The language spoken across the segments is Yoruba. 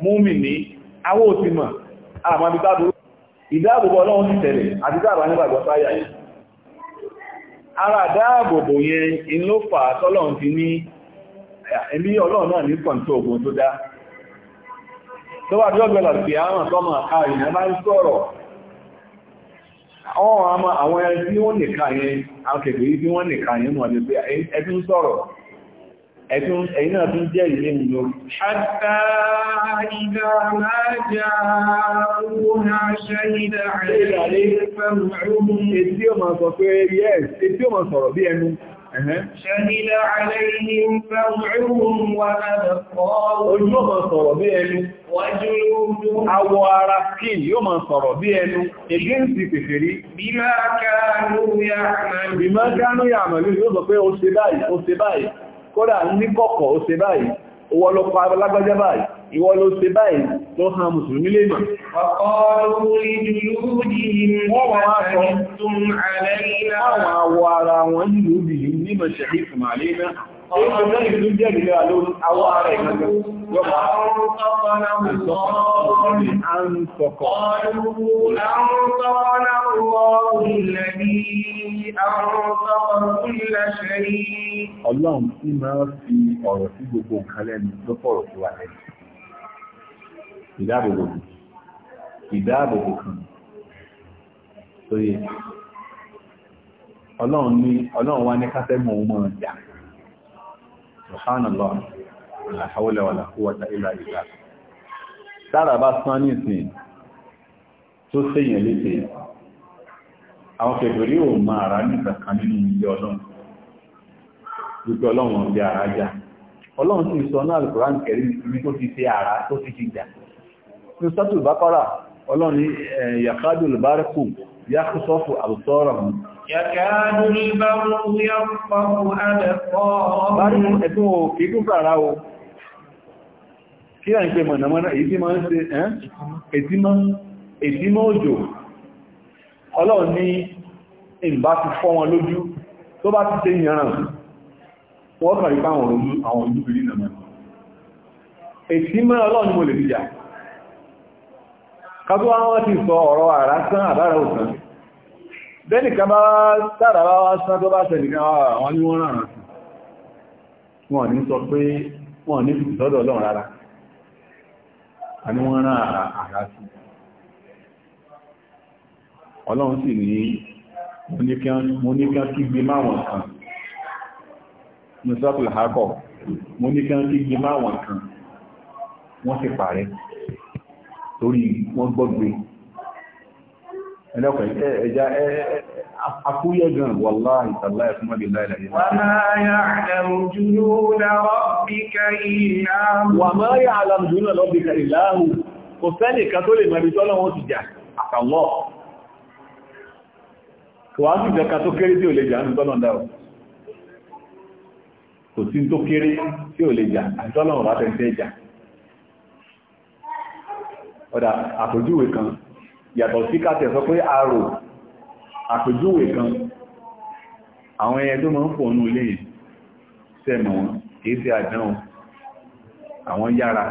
múmi ní awó ti mọ̀ àmàbí tábù ìdáàbòbò ọlọ́run ti tẹ̀lé àti tábà nígbàgbọ́ sáyà yìí ara dáàbòbò yẹn in ló fà tọ́lọ́run ti ní ẹ̀mí ọlọ́run náà ní kọ̀ǹtó ogun tó dá tó wà dọ́gbẹ̀lá sí àwọn tọ́mọ àrìn ẹ̀ máa ń sọ̀rọ̀ àwọn àwọn ẹni tí wọ́n nìkan yẹn àwọn kèfèrí tí wọ́n nìkan yẹn mọ̀ ẹ̀yìn náà tún jẹ́ ìlé mi lórí. Ṣàtà ìdá máa já òun àṣẹ ìdá àrẹ Etí ó máa sọ pé yes, etí ó máa sọ̀rọ̀ bí ẹnu. Ṣẹ́dílá àlẹ́yìn fẹ́mùrún wà Ojú ó sọ̀rọ̀ bí ẹnu. Wájú Awọ ara pèfèrí. Bí máa kánú yà kódà ní kọ̀kọ̀ ó ṣe báyìí owó ló pa lágbájá báyìí ìwọ ló ṣe báyìí tó ha mùsùlùmí lè mọ̀. ọkọ̀ orí Èyí tó lọ́nà ìlú jẹ́ ìlú àlórí àwọ́ ara ìgbàgbọ́. Yọ́pàá. Àwọn tọ́kọ̀nà wọ́n á ń sọ̀kọ̀. Àwọn tọ́kọ̀nà wọ́n ilẹ̀ ní àwọn tọ́kọ̀nà ilẹ̀ ṣe rí. Ọlọ́run tí máa fi ọ̀rọ̀ sí gbogbo nǹkan lẹ́nu lọ́pọ̀rọ̀ sí wa lẹ́nu. Ìdáàbòbò ìdáàbòbò kan. Sóyè. Ọlọ́run wá ní kásẹ́mù ọmọ ìjà subhanallah la hawla wala quwwata illa billah tára bá sán ní ìsìn tó sẹ́yìn léte àwọn kẹfẹ̀rí ò máa ara nìkankan nínú ilé ọlọ́run gbogbo ọlọ́run ọ̀bẹ ara jà ọlọ́run sì sọ náà Al-Qur'an Karim ibi tó ti ṣe ara tó ti ti jà ní sọ́tù bákọ́rà ọlọ́run yàkádùl bárẹ́kù yàkùsọ́fù àbùsọ́rọ̀ يكاد البر يخطف أبصارهم bari ẹ̀tún o kìí tún fàrà o kí à ń pè mọ̀nàmọ́ná èyí tí máa ń ṣe ẹ́n ètímọ́ òjò ọlọ́run ní ìbá ti fọ́ wọn lójú tó bá ti tẹ́ ìyànràn wọ́n kàrí bá wọn lójú àwọn olúbìrí nàmà bẹ́ẹ̀ni kan bá tààrà bá wá sán tó bá tẹ̀lì kan àwọn ní wọ́n rárá sí wọ́n ní sọ pé wọ́n ní ìtọ́dọ̀ lọ́n rárá àní wọ́n rán àrá sí ọlọ́run sì ní mo ní kí wọ́n kí gbé máwọn kan ní sọ́pùlù hákọ̀ mo ní kí wọ́n kí gbé máwọn kan wọ́n sì parẹ́ torí ẹlẹ́kọ̀ọ́ ẹja akúyẹ́ gan wàlá ìtàlá ẹ̀fún mọ́bí láìlẹ̀ yìí. Wà máa yà àlàmù jùlọ lọ́bíkà ìlàáhù, kò sẹ́nì kan tó lè mẹ́bí tọ́lọ́ wọn ti jà àtàlọ́. Kò wá sí ìjọka tó kéré tí ò lè tó kéré tí ò lè jà àti ọ̀rọ̀ yàtọ̀ sí káàtẹ̀ sọ pé àrò àpèjúwe kan àwọn ẹyẹ tó máa ń pọ̀ nú ilé yìí sẹ́mọ̀ wọn kìí sí àdánwò àwọn yára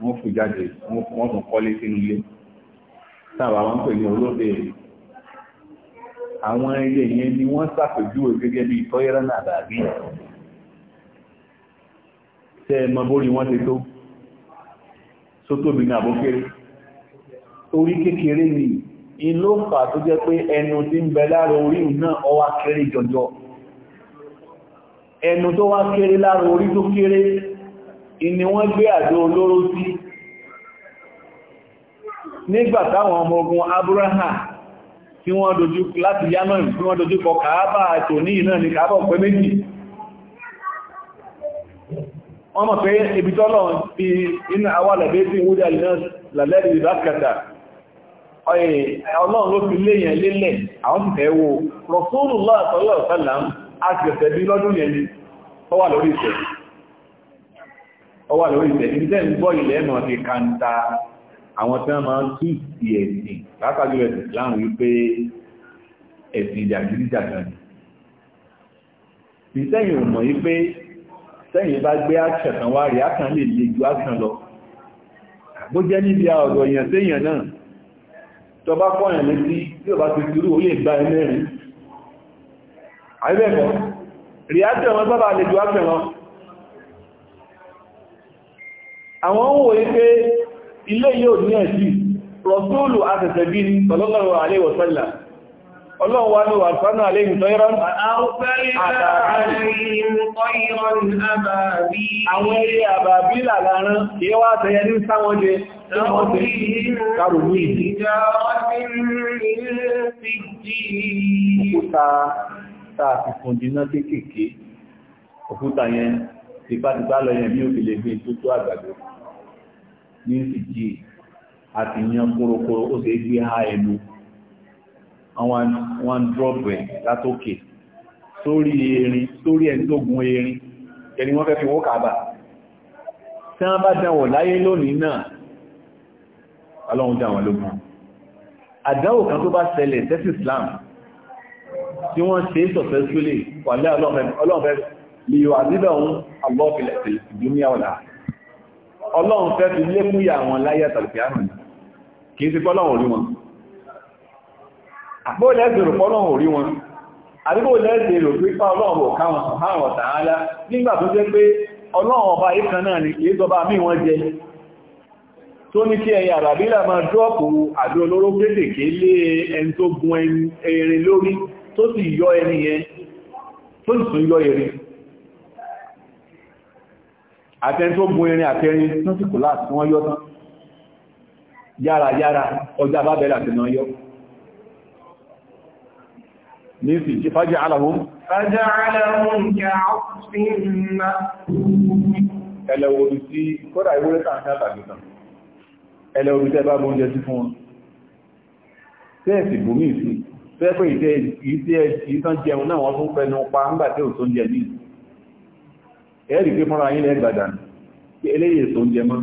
wọ́n fò jáde wọ́n tún kọ́lé sínú ilé sábà wọ́n pè ní olóde àwọn ilé yẹn ni wọ́n ṣàpèjúwe gẹ́gẹ́ bí tọ́yẹ́rán àdàgbé sẹ́ẹ̀mọ́ bórí wọ́n ti tó sótóbi ní àbókéré orí kékeré ni inú fà tó jẹ́ pé ẹnu tí ń bẹ lára orí náà ọwá kéré jọjọ ẹnu tó wá kéré lára orí tó kéré ìní wọ́n gbé àdó olóró sí nígbà táwọn ọmọ ogun Abraham tí wọ́n dojú láti Yaman tí wọ́n dojú kọ kàábà àtò ní ìná ní kàábà ọ̀pẹ méjì wọ́n mọ̀ pé ibi tọ́lọ̀ ti inú àwà lẹ̀bẹ́ sí wúdà lẹ́lẹ́rìí bákàtà ọlọ́run ló fi léyàn lélẹ̀ àwọn ti fẹ́ wo Rasulullah sallallahu alaihi wasallam a ti ọ̀sẹ̀ bí lọ́dún yẹn ni ó wà lórí ìtẹ̀ ó wà lórí ìtẹ̀ ìdíjẹ́ ń gbọ́ ilẹ̀ ẹ̀nà ti kanta àwọn tí wọ́n máa ń tú sí ẹ̀sìn látàjú ẹ̀sìn Islam tó bá fọ́yàn létí tí ó bá ti tìrú ó lè gba ẹmẹ́rin àìbẹ̀kọ́ ríájẹ̀ wọn sábà lè jù ápẹ̀ wọn àwọn ń wòye pé ilé yóò ní ẹ̀sì rọ̀súùlù àtẹ̀sẹ̀ bí ní sallallahu alaihi wa Kárò ní ìdí. Òkúta tàà ti fún dínà kéèkéé. Òkúta yẹn, tipátipá lọ yẹn bí ó fi lè gbé tó tó àgbàdo. Ní ìsìjì àti yan kórókóró ó sì gbé ha ẹnu. Wọ́n drọ́bù ẹ̀ látókè sórí erin, sórí ẹni tó gun erin. Ẹni wọ́n fẹ́ fi wọ́n kàbà. Tí wọ́n bá dánwò láyé lónìí náà, ọlọ́run dá wọn lógún àdáwò kan tó bá ṣẹlẹ̀ tẹ́sí Islam tí wọ́n ṣe sọ̀fẹ́sílẹ̀ wàlẹ́ ọlọ́fẹ́ lè yọ àdídọ̀ ohun àgbọ́filẹ̀ ìdúnmíàwọ̀lá ọlọ́run fẹ́ fi lékúyà àwọn láyé tàbí àrùn kìí sí pọ́lọ́run orí wọn àpóòlẹ́ ẹ̀sẹ̀ rò pọ́lọ́run orí wọn àdúgbòlẹ́ ẹ̀sẹ̀ rò pé pa ọlọ́run ò káwọn sọ̀hánwọ̀ tààlá nígbà náà ni kìí sọba tó ní kí ẹyà àbàbílà máa dọ́ọ̀pù àdó olóró gbédèké lé ẹni tó gun erin lórí tó sì yọ ẹni yẹn tó sì tún yọ erin àtẹni tó gun erin àtẹrin tó sì kò láti wọ́n yọ tán yára yára ọjà bábẹ̀rẹ̀ àti náà yọ ní ìsìn kọ́dà ìwúrẹ́ta àti àtàgbẹ̀tàn ẹlẹ́ orí tẹ́ bá gbóúnjẹ sí fún wọn tẹ́ẹ̀sì bòmí sí tẹ́ẹ̀pẹ́ ìtẹ́ ìtẹ́ ìtàn jẹun náà wọ́n tún pẹnu pa ńgbà tí ò tó ń jẹ ní ẹ̀rì pé fọ́nra yín lẹ́gbàdà pé eléyè tó ń jẹ mọ́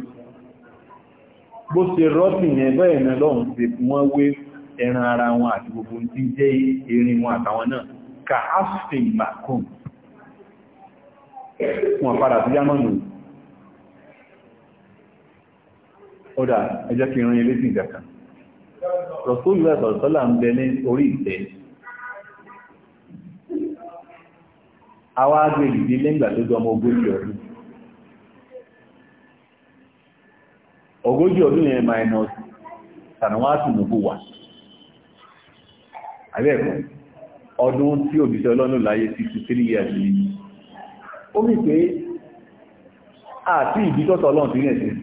bó ṣe rọ́ọ̀tì yẹn bẹ́ẹ̀ náà lọ́hùn ṣe wọ́n wé ẹran ara wọn àti gbogbo tí jẹ́ erin wọn àtàwọn náà ka áfẹ́ ìmàkùn wọn padà sí ọ̀dà ẹjẹ́ kí rin ilé sí ìjàkà rọ̀súlù ẹ̀sọ̀rọ̀sọ́là ń bẹ ní orí ìtẹ́ àwọn agbègbè ní lẹ́gbà tó jọ ọmọ ogójì ọdún ogójì ọdún yẹn minus tànàwátì nùbù wà àbẹ́ẹ̀kọ́ ọdún tí òbíṣẹ́ ọlọ́nà láyé 63 years ní ó mì pé àti ìbítọ́tọ̀ ọlọ́run ti rẹ̀ sí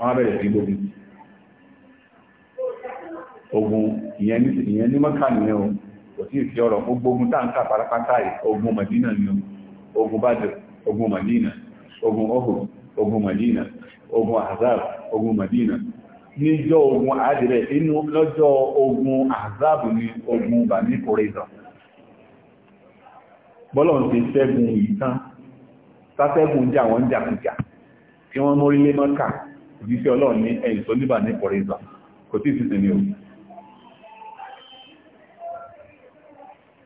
wọ́n bẹ̀rẹ̀ sí gbogbo ogun ìyẹn ní mọ́kà nìyẹn o kò tí ì fi ọ̀rọ̀ gbogbo ogun táǹkà parapata yìí ogun Madina ni o ogun Badr ogun Madina ogun Uhud ogun Madina ogun Ahzab ogun Madina níjọ́ ogun inú lọ́jọ́ ogun ni ogun bọ́lọ̀ ti ṣẹ́gun yìí tán jà wọ́n jà kújà kí wọ́n ìdíṣẹ́ ọlọ́run ní ẹ̀yìn tó níbà ní pọ̀rẹ́zà kò tí sí tẹ̀lé o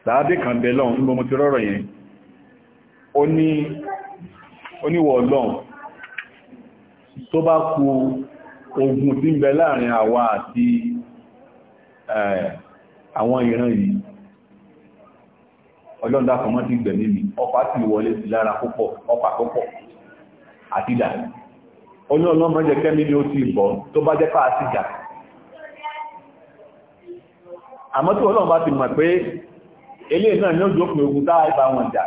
sàábé kan bẹ lọ́run nígbọ́n mo ti rọ́rọ̀ yẹn ó níwọ̀ ọlọ́run tó bá kú ogun tí ń bẹ láàrin àwa àti àwọn ìran yìí ọlọ́run dákọ̀ mọ́ ti gbẹ̀mí mi ọ̀pá ti wọlé sí lára púpọ̀ ọ̀pá púpọ̀ àti dàrí olóòlọ́mọ jẹ́ kẹ́mí ni ó ti bọ̀ tó bá jẹ́ pàá sí jà àmọ́ tí ọlọ́run bá ti mọ̀ pé ilé náà ní òjò pé ogun táà ìbá wọn jà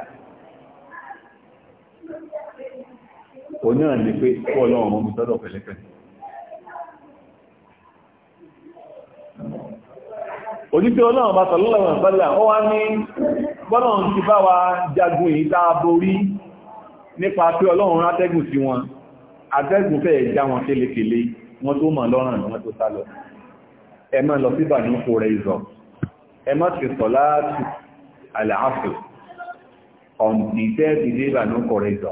kò náà ní pé kó ọlọ́run mọ́ mi sọ́dọ̀ pẹ̀lẹ́pẹ̀ òjíṣẹ́ ọlọ́run bá sọ̀lọ́run sọ́lá ó wá ní bọ́lọ́run ti bá wa jagun èyí tá a borí nípa pé ọlọ́run rátẹ́gùn sí wọn atẹ́gùn fẹ́ já wọn kélekèlé wọn tó mọ̀ lọ́rùn wọn tó sálọ ẹ má lọ síbà ní kò rẹ ìzọ ẹ má ti sọ láti àlàáfẹ́ ọ̀nì tẹ́ ti dé ìbà ní kò rẹ ìzọ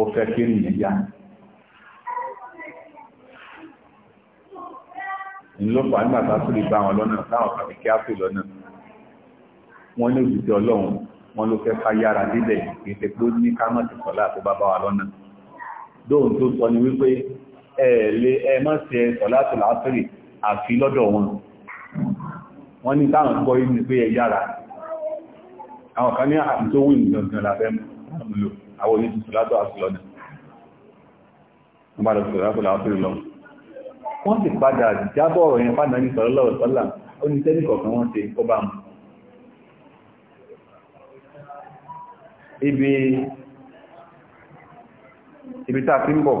ó fẹ́ kí ni ìyá ńlọ́pọ̀ àgbàtà tó lè wọn lọ́nà táwọn kàbíkẹ́ á lọ́nà wọn ní òjìṣẹ́ ọlọ́run wọn ló fẹ́ fa yára débẹ̀ kì í ṣe pé ó ní ká mọ̀ sí sọ́lá tó bá bá wa lọ́nà dóhùn tó sọ ni wípé ẹ lè ẹ mọ̀ sí ẹ sọ́lá tó láàfẹ́rì àfi lọ́dọ̀ wọn wọ́n ní táwọn gbọ́ yìí ni pé ẹ yára àwọn kan ní àti tó wù nìkan la fẹ́ mú lò àwọn oní tuntun látọ̀ àti lọ́nà wọ́n bá lọ sọ̀rọ̀ látọ̀ láàfẹ́rì lọ wọ́n ibi ibi tá ti ń bọ̀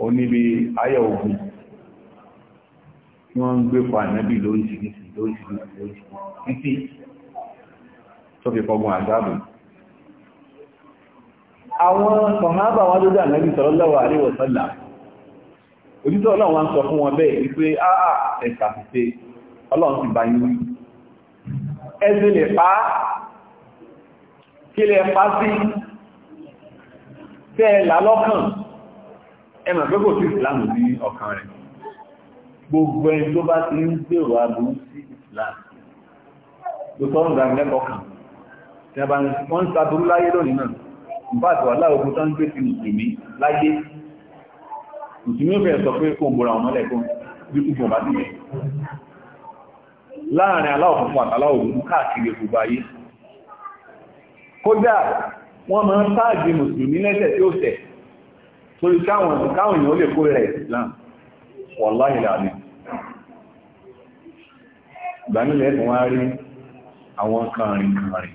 o níbi ayẹ̀ ogun tí wọ́n ń gbé pa ìnábì lóríṣiríṣi lóríṣiríṣi lóríṣiríṣi títí tó fi kọgun àjábù àwọn sọ̀hábà wọn tó dà nábì sallallahu alaihi wa sallam òjútọ́ ọlọ́run wá ń sọ fún wọn bẹ́ẹ̀ wípé àà ẹ̀sà ti ṣe ọlọ́run ti bá yín wí ẹ̀sìn lè pa á kílẹ̀ pàtí tẹ́ lálọ́kàn ẹmà pé kò sí ìsìlámù ní ọkàn rẹ̀ gbogbo ẹni tó bá ti ń gbèrò aburú sí ìsìlámù ló tọ́rùn gbà lẹ́kọ̀ọ́ kan tí a bá ń wọ́n ń saburú láyé lónìí náà nígbà tó aláwòkú tó ń gbé sí mùsùlùmí láyé mùsùlùmí ò fẹ́ sọ pé kò ń bora ọmọ lẹ́kọ̀ọ́ bí kò bọ̀ bá ti yẹ láàrin aláwòkú àtàláwòkú káàkiri gbogbo ayé kódà wọ́n máa ń táàgì mùsùlùmí lẹ́sẹ̀ tí ó tẹ̀ torí káwọn èèyàn ó lè kó rẹ̀ Islam wọ̀láhì láàrin ìgbàmílẹ̀ ẹ̀kùn wá rí àwọn kàrin kàrin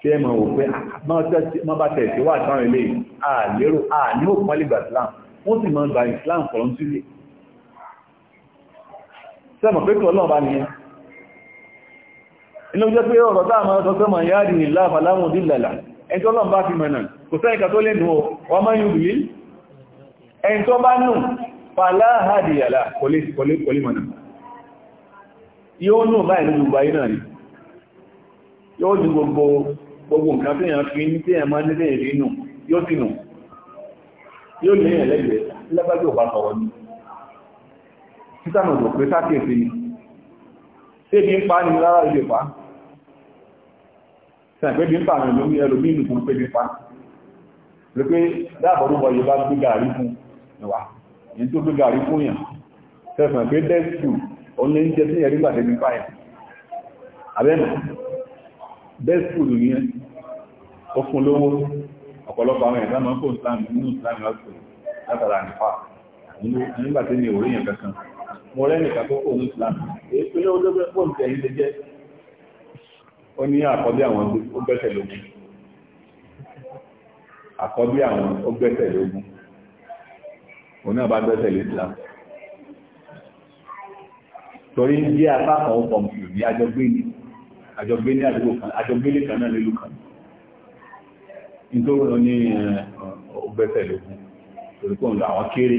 tí ẹ mọ̀ wò pé ah, má bá tẹ̀ sí wà sáwọn ilé àlérò àníwò pọ́lì gbà Islam wọ́n inú jẹ́ pé ọ̀rọ̀ táà máa sọ pé ma yá rí ìlà àfàlámù dìlàlà ẹni tó lọ́n bá fi mẹ́nà kò sẹ́ẹ̀kà tó lè nù wọ́n máa yìí rí ẹni tó bá nù fàláhàdìyàlà kòlé mọ̀nà yóò nù báyìí ní gbogbo ayé náà ni yóò ju gbogbo gbogbo nǹkan tó yàn fi ní tí ẹ̀ máa nílé ìrí nù yóò sì nù yóò lè ẹ̀lẹ́gbẹ̀ẹ́ lábájọ́ bá sọ̀rọ̀ ni títà nà òjò pé sákèsí ni ṣé bí ń pa ní lára ilé pa ṣe pé bí ń pa àwọn ìlú ẹlòmí ìlú fún pé bí ń pa rẹ̀ pé dáàbọ̀ rúbọ yóò bá gbé gàrí fún ìwà yìí tó gbé gàrí fún yàn tẹ́fẹ̀ pé dẹ́sù oní ń jẹ́ sí ẹ̀rí gbàdé bí pa yàn abẹ́nà dẹ́sù nìyẹn ó fún lówó ọ̀pọ̀lọpọ̀ àwọn ẹ̀dá máa ń kó ìsìlámù nínú mo rẹ́ nìkan tó kò ní islam èyí pé ó lọ́gbẹ́ pọ̀ ní ẹ̀yìn lè jẹ́ ó ní àkọ́bí àwọn ó gbẹ́sẹ̀ lógún àkọ́bí àwọn ó gbẹ́sẹ̀ lógún òun náà bá gbẹ́sẹ̀ lé islam torí ń jẹ́ apá kan ó pọ̀ mùsùlùmí ní àjọgbé ní àjọgbé ní àdúgbò kan àjọgbé lè kan náà nílùú kan nítorí ó ní ọgbẹ́sẹ̀ lógún torí pé òun àwọn kéré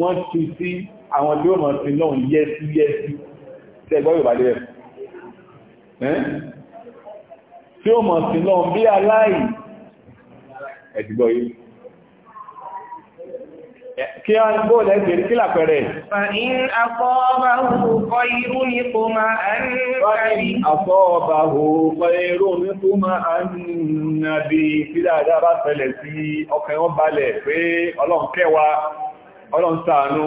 wọ́n tú sí àwọn tí ó mọ̀ sí náà yẹ́ sí yẹ́ sí tẹ́gbọ́ yóò bá lẹ́ tí ó mọ̀ sí náà bí aláì ẹ̀dìgbọ́ yìí kí a ń bó lẹ́gbẹ̀ kí làpẹẹrẹ fàín àfọ́ọ̀báhù kọ irú ní irú ní kó máa ànàbí tí dáadáa bá fẹ́lẹ̀ sí ọkàn wọn balẹ̀ ọlọ́run ṣàánú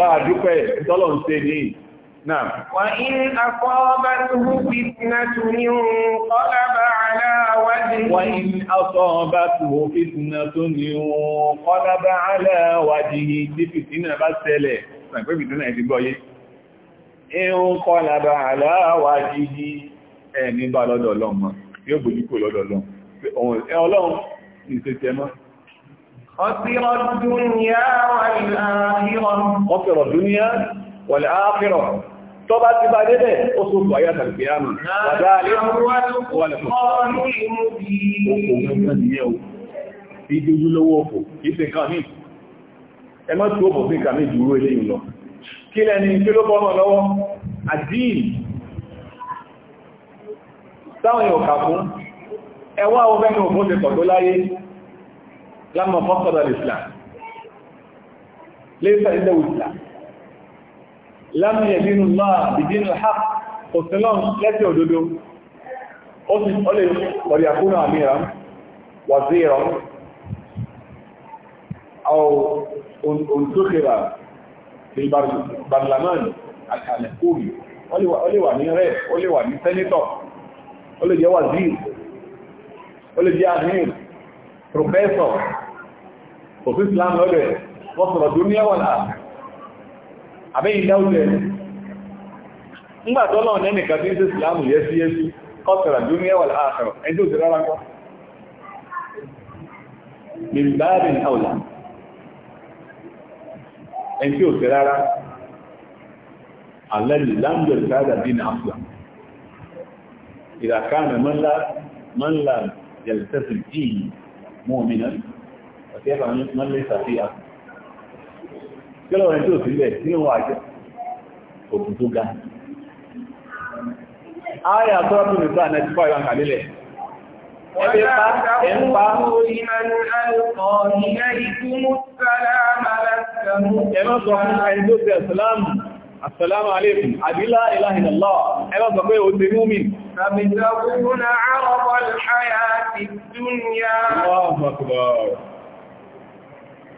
bá àdúpẹ́ ìtọ́lọ́run ṣe ní náà. wà ní afọ́bátúhù fìtínàtù ní kọ́lábà aláwádìí. wà ní afọ́bátúhù fìtínàtù ní kọ́lábà aláwádìí tí fìtínà bá ṣẹlẹ̀ pẹ̀lú fìtínà ẹ̀ ti gbọ́yé. ìhun kọ́lábà aláwádìí ẹ̀ ní bá lọ́dọ̀ ọlọ́run mọ́ yóò gbòjú غفر الدنيا والآخرة غفر الدنيا والآخرة طبعا تبقى ده أصول آيات القيامة وذلك هو الفرقان المبين في جلوه يسي كامل ẹ má tí ó bọ̀ sí ìkà méjì rú ilé ìlọ kí lẹ́ni tí ló bọ́ náà lọ́wọ́ àdíì táwọn èèyàn kà fún ẹwà ọgbẹ́ni òfóṣepọ̀ tó láyé لما فقد الإسلام ليس إلا إسلام لم يدين الله بدين الحق والسلام لا تودده أصف عليه وليكون أميرا وزيرا أو انتخب في البرلمان الحكومي وليوى من أولي وليوى من سنتور وليوى وزير وليوى أمير professor òfin islam lọ́dẹ̀ wọ́n sọ̀rọ̀ tó ní ẹwọ̀n láàrín àbẹ́yìn dáúdẹ̀ ńgbàtọ́lọ̀ nẹ́nìkan tí ń sí islam yẹ sí yẹ́sí kọ́sọ̀rọ̀ tó ní ẹwọ̀n láàrín ẹjọ́ òsì rárá kọ́ mìbáàrin àwòlà ẹjọ́ òsì rárá alẹ́lì láńdọ̀ ìsáàdà dín àfúlà ọ̀kẹ́fà máa lè ṣàfihàn kí lọ́wọ́ ẹni tó sílẹ̀ nínú àjọ òkú tó ga ayà tọ́rọ̀tún nìta náà ti fọ́ ìwọ̀n kàlílẹ̀ ẹgbẹ́pá ẹ̀mpa ẹ̀mọ́ sọ fún ẹni tó tẹ́ ẹ̀sìlámù السلام عليكم أبي لا إله إلا الله أنا بقي أولي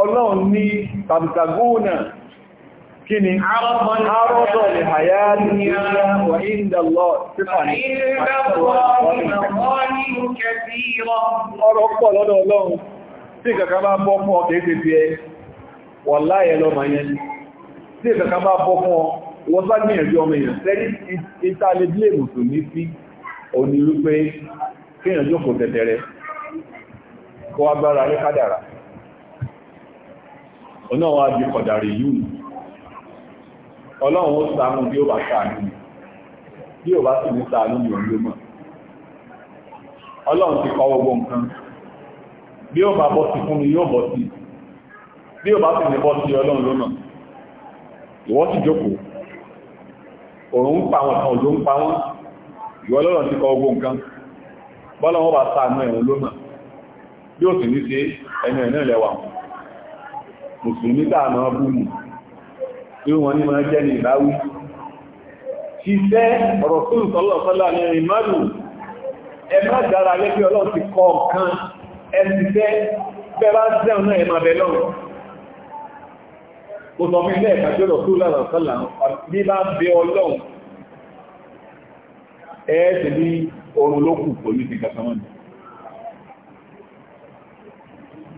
ọlọ́run ní tàbùtàgónà kí ni arọ́dọ̀ lè àyá ní àwọn ìdàlọ́ sífàní ọ̀rọ̀ pọ̀ lọ́dọ̀ ọlọ́run tí kàkà bá bọ́ fún ọ kèése fi ẹ wà láyẹ lọ ma kò tẹ̀tẹ̀rẹ kó agbára ní kádàrà ọ̀nà wá di kọ̀dàrí yìí ọlọ́run ó ṣàánú bí ó bá ṣàánú bí ó bá sì ní ṣàánú ní òun ló mọ̀ ọlọ́run ti kọ gbogbo nǹkan bí ó bá bọ́ sí fún mi yóò bọ́ sí bí ó bá sì ní bọ́ sí ọlọ́run ló mọ̀ ìwọ sì jókòó òun ń pa wọn kan òjò ń pa wọn ìwọ ọlọ́run ti kọ gbogbo nǹkan bọ́lọ́run ó bá ṣàánú ẹ̀rùn ló bí ó sì ní sí ẹnu ẹ̀ náà lẹ́wà mùsùlùmí tàà máa bú mù tí wọ́n ní máa jẹ́ ní ìbáwí ṣiṣẹ́ ọ̀rọ̀ fún ìtọ́lọ̀sọ́lá ní ìmọ́lù ẹ má dára lẹ́bí ọlọ́run ti kọ ọ̀kan ẹ ṣiṣẹ́ bẹ́bá jẹun náà ẹ máa bẹ lọ́run mo sọ fún ilé ẹ̀ka tí ọ̀rọ̀ fún ìtọ́lọ̀sọ́lá ní bá bẹ ọlọ́run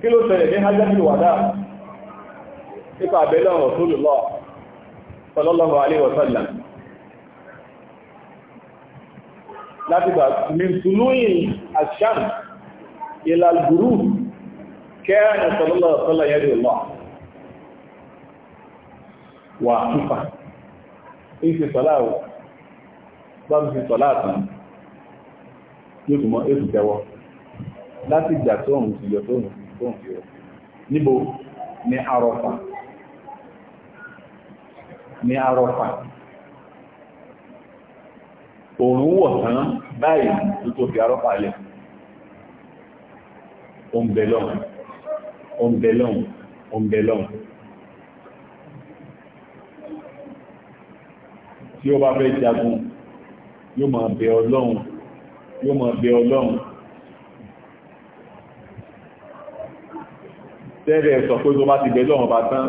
kí ló ṣẹlẹ̀ ní hajjáde wàdáà nípa àbẹ́lẹ̀ Rasulullah sallallahu alaihi wa sallam láti gbà mìtùlúyìn àṣán ìlàlgùrù kẹ́rin sallallahu sallallahu yẹ́rì lọ wà kífà ìṣẹ́ sọ́láwò bá ń fi sọ́láàtà yóò túnmọ́ èsù tẹ́wọ́ láti ìgbà tóhùn sí yọ tóhùn sí yọ níbo ni àrọ̀fà ní arọ́fà òòrùn wọ̀ tán báyìí tó tó fi arọ́fà lẹ̀ ombelon ombelon ombelon tí ó bá fẹ́ jagun yóò máa bẹ ọlọ́run yóò máa bẹ ọlọ́run tẹ́rẹ sọ pé tó bá ti bẹ lọ́wọ́ bá tán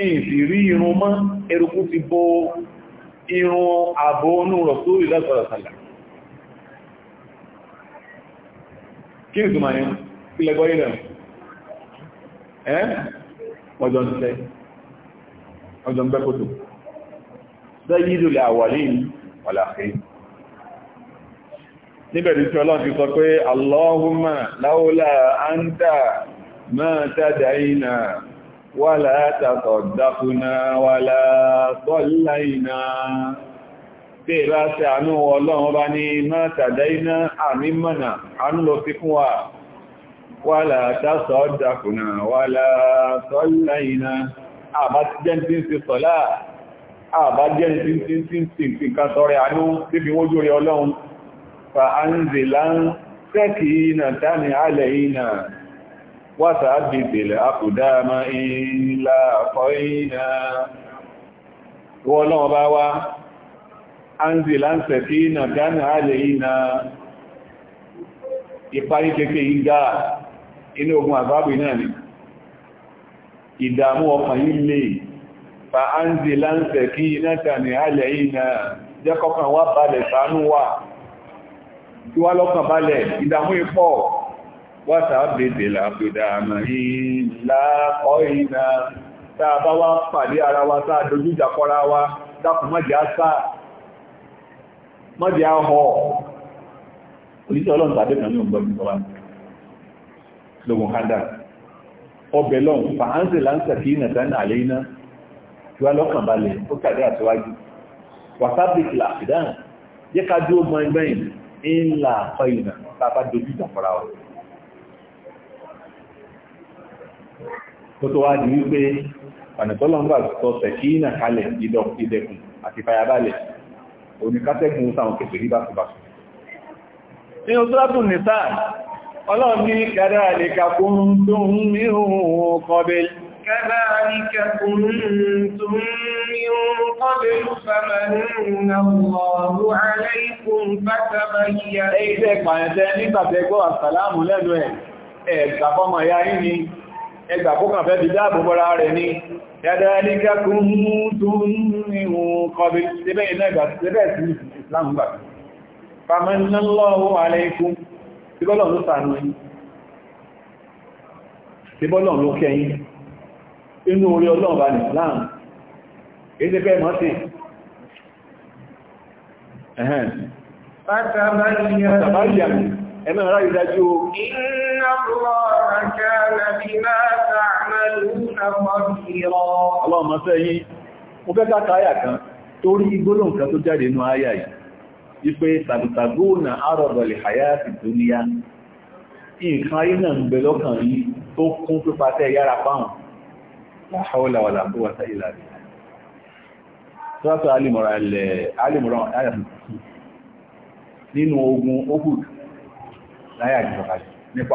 ìfì rí irun mọ́ ẹrùkú ti bó irun àbò onú rọ̀sórí lọ́sọ̀rọ̀sọ̀lá kí ní túnmà ní ilẹ̀gbọ́ ilẹ̀ ẹ́ ọjọ́ ń tẹ́ ọjọ́ ń bẹ́ kòtò sẹ́yìdò lè tí ọlọ́run ti sọ pé Allahumma láúlà áńtà máa tàdà ìnà wàlá tàtọ̀dáfúnà wàlá tọ́láìnà tí ìbá ṣe àánú ọlọ́run bá ní máa tàdá iná àmì mọ̀nà àánú ló fi fún wa wàlá tàtọ̀dáfúnà wàlá tọ́láìnà àbá jẹ́ tí ń ti sọ̀lá àbá jẹ́ tí وثبت الأقدام إلا قينا wọ́lọ́wọ́ bá wá anzila ń sẹ̀fí na gánà alẹ́ iná ìparí kéèké ìgá inú ogun àbábì náà ni ìdàmú ọkàn yìí lè fa anzila ń sẹ̀fí náà ni alẹ́ iná jẹ́kọ́kàn wá balẹ̀ ṣàánú wa tí wá lọ́kàn balẹ̀ ìdàmú ipọ̀ wátàbèdè làbèdà àmàrí láàkọ́ ìrìnà táa bá wá pàdé ara wa táa dojú ìjàkọ́ra wa dákùn mọ́jẹ́ àṣà mọ́jẹ́ àhọ́ oníṣẹ́ ọlọ́run tàbí kan ní ọgbọ̀n ìjọba lóògùn hádà ọbẹ̀ lọ́n fàánsì láńsà kí ìnà tán àlẹ́ iná tí wá lọ́kàn balẹ̀ ó kàdé àtiwájú wàtàbèk tó tó wá di wípé ọ̀nàtọ́lọ́mbà sọ sẹ̀kínà kalẹ̀ ìdẹ̀kùn àti fàyàbálẹ̀ oníkátẹ́gùn sáwọn kẹfẹ̀ rí báṣubáṣu nínú sọ́tù nìsá ọlọ́ọ̀bí kẹ́rẹ́ àlèkàkún tó ń mìírùn kọbẹ̀ kẹ́rẹ́ àlèkàkún tó ń mìírùn kọbẹ̀ ẹgbà kó kàn fẹ́ fi dáàbò bọ́ra rẹ̀ ní yadalika kuntum min qabl síbẹ̀ iná ìgbà síbẹ̀ sí islam gbà famanallahu alaykum síbọ́lọ̀ ló sànú yìí síbọ́lọ̀ ló kẹyìn ẹ̀mẹ́ ráyìí dájú ó. Iná lọ́ọ̀ كان بما تعملون خبيرا اللهم سيئ mo fẹ́ káta àyà kan torí igbóló nǹkan tó jáde inú àyà yìí wípé tàbítàgbóònà àrọ̀dọ̀lẹ̀ àyà ti tó níyá nǹkan ayé náà ń bẹ lọ́kàn yìí tó kún pípa tẹ́ yára páhùn láhàólà wà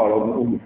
láàbò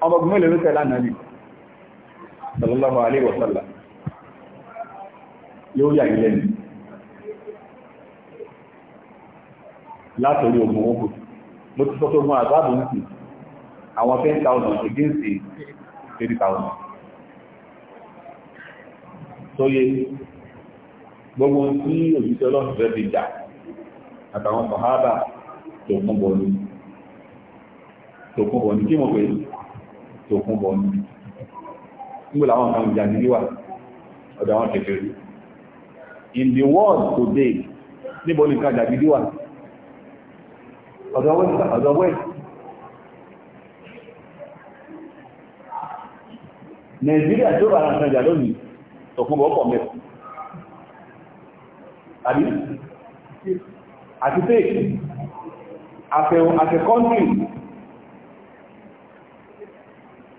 ọmọ ogun mélòó ló tẹ̀lé sallallahu alaihi wasallam yóò yà ilẹ̀ ni látọ̀rí ogun ogun mo ti sọ tó mú àgbàbù ń sì àwọn 10,000 against the 30,000 sóyé gbogbo tí òjíṣẹ́ ọlọ́run fẹ́ fi jà àtàwọn sọ̀hábà tó kún bọ̀ ní kí mo pè tó kún bọ̀ ní nígbò láwọn kan ìjàdí níwà ọ̀dọ̀ àwọn kèfèrí in the world today níbo ní kan ìjàdí níwà ọ̀dọ̀ west nàìjíríà tó bá ránṣẹ́ ìjà lónìí tó kún bọ̀ pọ̀ mẹ́rin àti pé àfẹ́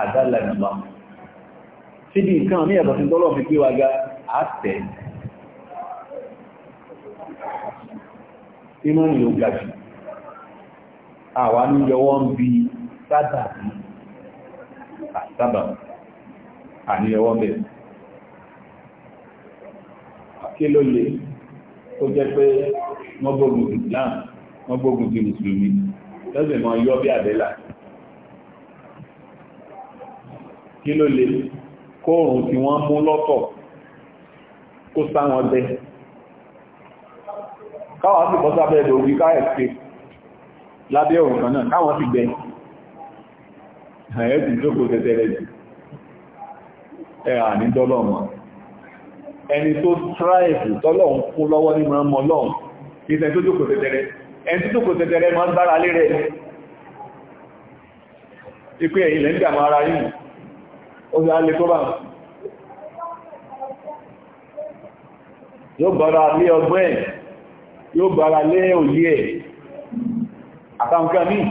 àdálànàmà síbi nǹkan ní ẹ̀bọ̀ tí tọ́lọ̀ fi pé wa ga àtẹ́ inú ni ó gajù àwa ní yọwọ́ ń bi sábà àtàbà àníyọwọ́ bẹ̀rẹ̀ kí ló lè tó jẹ́ pé wọ́n gbógun ti wọ́n gbógun ti Mùsùlùmí lọ́sẹ̀ mọ́ kí ló lè kóòrùn tí wọ́n mú lọ́tọ̀ kó sáwọn bẹ káwọn sì bọ́ sábẹ́ ẹ̀dọ̀ orí káẹ̀kẹ́ lábẹ́ òun kan náà káwọn sì gbẹ ẹ̀ẹ́sì jókòó tẹ́tẹ́rẹ́ jù ẹ̀rà ní dọ́lọ́mọ̀ ẹni tó tráìfù tọ́lọ́hun fún lọ́wọ́ ní mọ́ mọ́ lọ́hun ìsẹ̀ tó jókòó tẹ́tẹ́rẹ́ ẹni tó jókòó tẹ́tẹ́rẹ́ máa ń dára lérẹ̀ ipé ẹ̀yìn lẹ́ndì àmọ́ ara yìí omi alẹ́ kọ́ bá yóò bára lé ọgbẹ́ yóò bára lé òyí ẹ̀ àtàǹkà míì